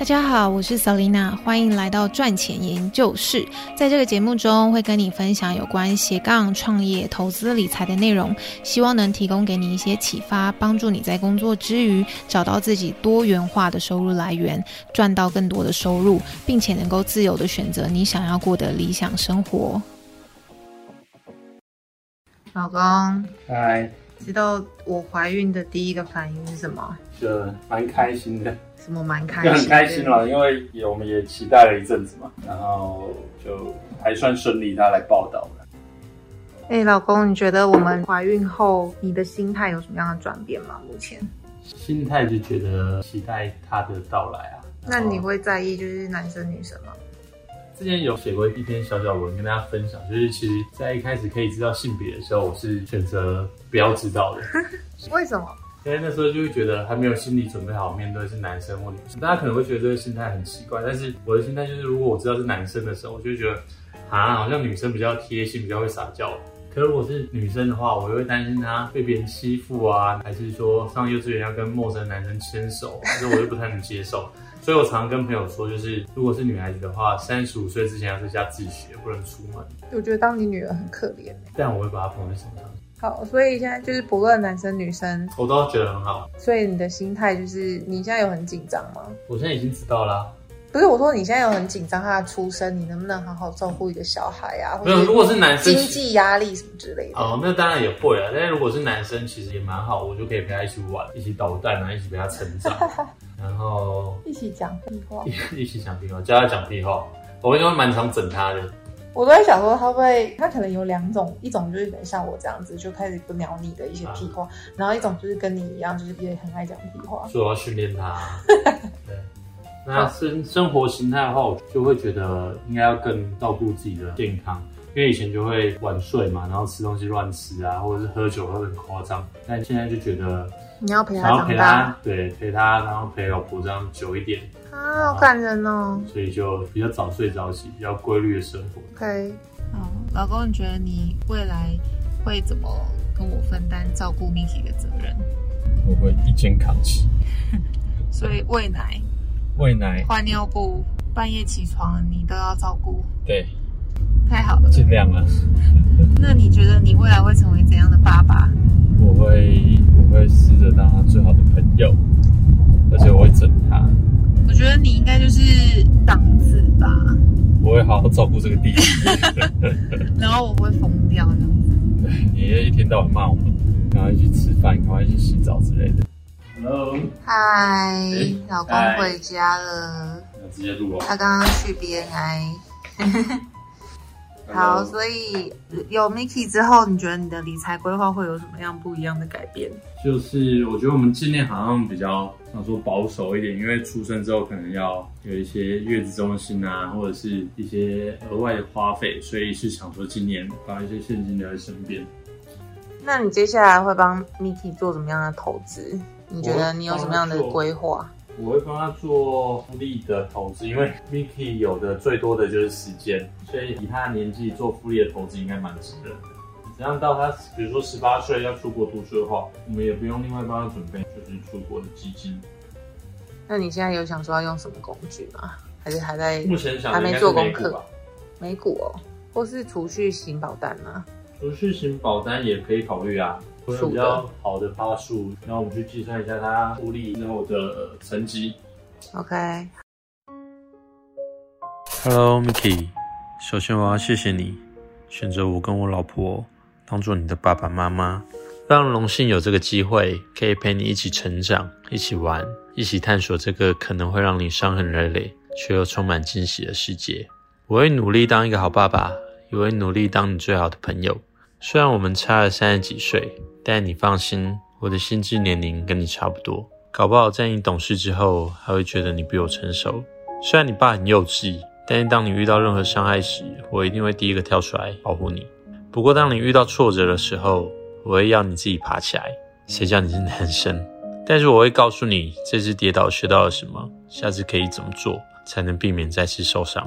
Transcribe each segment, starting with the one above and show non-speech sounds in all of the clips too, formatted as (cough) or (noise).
大家好，我是 Selina，歡迎來到賺錢研究室。在這個節目中，會跟你分享有關斜槓創業、投資、理財的內容，希望能提供給你一些啟發，幫助你在工作之餘找到自己多元化的收入來源，賺到更多的收入，並且能夠自由的選擇你想要過的理想生活。老公，Hi。知道我懷孕的第一個反應是什麼？是蠻開心的。什麼蠻開心？就很開心了，對嗎？因為也我們也期待了一陣子嘛，然後就還算順利，他來報道了。哎、欸，老公，你覺得我們懷孕後，你的心態有什麼樣的轉變嗎？目前心態就覺得期待他的到來啊。那你會在意就是男生女生嗎？之前有寫過一篇小小文跟大家分享，就是其實在一開始可以知道性別的時候，我是選擇不要知道的。 (laughs) 為什麼？因為、欸、那時候就會覺得還沒有心理準備好面對是男生或女生，大家可能會覺得這個心態很奇怪。但是我的心態就是，如果我知道是男生的時候，我就會覺得啊，好像女生比較貼心，比較會撒嬌。可是如果是女生的話，我又會擔心她被別人欺負啊，還是說上幼稚園要跟陌生男生牽手，所以我就不太能接受。 (laughs) 所以我常常跟朋友說，就是如果是女孩子的話，三十五歲之前要在家自學，不能出門。我覺得當你女兒很可憐。但我會把她捧在手上。好，所以現在就是不論男生女生，我都覺得很好。所以你的心態就是，你現在有很緊張嗎？我現在已經知道啦啊。不是，我說，你現在有很緊張他的出生，你能不能好好照顧一個小孩啊？沒有，如果是男生，經濟壓力什麼之類的。哦，那當然也會啊。但如果是男生，其實也蠻好，我就可以陪他一起玩，一起搗蛋啊，一起陪他成長。 (laughs) 然後一起講屁話一，一起講屁話，教他講屁話，我平常蠻常整他的。我都在想說，他會，他可能有兩種，一種就是像我這樣子，就開始不鳥你的一些屁話，啊、然後一種就是跟你一樣，就是也很愛講屁話，所以我要訓練他。 (laughs) 那生好生活形態的話，我就會覺得應該要更照顧自己的健康，因為以前就會晚睡嘛，然後吃東西亂吃啊，或者是喝酒，都很誇張，但現在就覺得。你要陪他長大，對，陪他，然後陪老婆這樣久一點。啊，後好感人哦！所以就比較早睡早起，比較規律的生活。可以 Okay，老公，你覺得你未來會怎麼跟我分擔照顧咪奇的責任？我會一肩扛起。 (laughs) 所以餵奶，餵奶，換尿布，半夜起床你都要照顧。對，太好了，盡量了。 (laughs) (laughs) 那你覺得你未來會成為怎樣的爸爸？我會。我會試着當他最好的朋友，而且我會整他。我覺得你應該就是擋子吧。我會好好照顧這個弟弟， (laughs) 然後我會瘋掉的。對，你一天到晚罵我們，趕快去吃飯，趕快去洗澡之類的。Hello，嗨，老公回家了。那直接錄啊。他剛剛去 B N I。 (laughs) 好，所以有 Miki 之後，你覺得你的理財規劃會有什麼樣不一樣的改變？就是我覺得我們今年好像比較想說保守一點，因為出生之後可能要有一些月子中心啊，或者是一些額外的花費，所以是想說今年把一些現金留在身邊。那你接下來會幫 Miki 做什麼樣的投資？你覺得你有什麼樣的規劃？我會幫他做複利的投資，因為 Mickey 有的最多的就是時間，所以以他的年紀做複利的投資應該蠻值得的。這樣到他，比如說十八歲要出國讀書的話，我們也不用另外幫他準備就是出國的基金。那你現在有想說要用什麼工具嗎？還是還在目前想還沒做功課？美股哦，或是儲蓄型保單呢？儲蓄型保單也可以考慮啊，會有比較好的發數，的然後我們去計算一下它複利之後的、呃、成績。OK。Hello Mickey，首先我要謝謝你選擇我跟我老婆當做你的爸爸媽媽，非常榮幸有這個機會可以陪你一起成長、一起玩、一起探索這個可能會讓你傷痕累累卻又充滿驚喜的世界。我會努力當一個好爸爸，也會努力當你最好的朋友。雖然我們差了三十幾歲，但你放心，我的心智年齡跟你差不多。搞不好在你懂事之後，還會覺得你比我成熟。雖然你爸很幼稚，但是當你遇到任何傷害時，我一定會第一個跳出來保護你。不過當你遇到挫折的時候，我會要你自己爬起來，誰叫你是男生？但是我會告訴你，這次跌倒學到了什麼，下次可以怎麼做，才能避免再次受傷。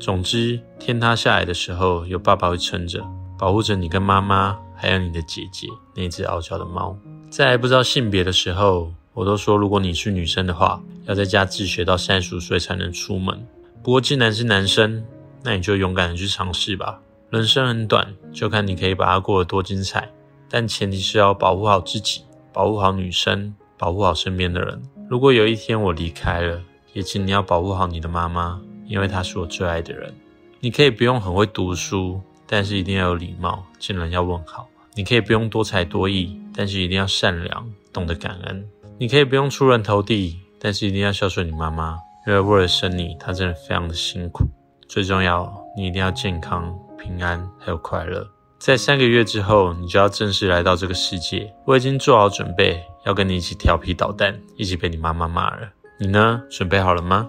總之，天塌下來的時候，有爸爸會撐着。保護着你跟媽媽，還有你的姐姐。那只傲嬌的貓，在還不知道性別的時候，我都說，如果你是女生的話，要在家自學到三十五歲才能出門。不過既然是男生，那你就勇敢的去嘗試吧。人生很短，就看你可以把它過得多精彩。但前提是要保護好自己，保護好女生，保護好身邊的人。如果有一天我離開了，也請你要保護好你的媽媽，因為她是我最愛的人。你可以不用很會讀書。但是一定要有禮貌，見人要問好。你可以不用多才多藝，但是一定要善良，懂得感恩。你可以不用出人頭地，但是一定要孝順你媽媽，因為為了生你，她真的非常的辛苦。最重要，你一定要健康、平安還有快樂。在三個月之後，你就要正式來到這個世界。我已經做好準備，要跟你一起調皮搗蛋，一起被你媽媽罵了。你呢，準備好了嗎？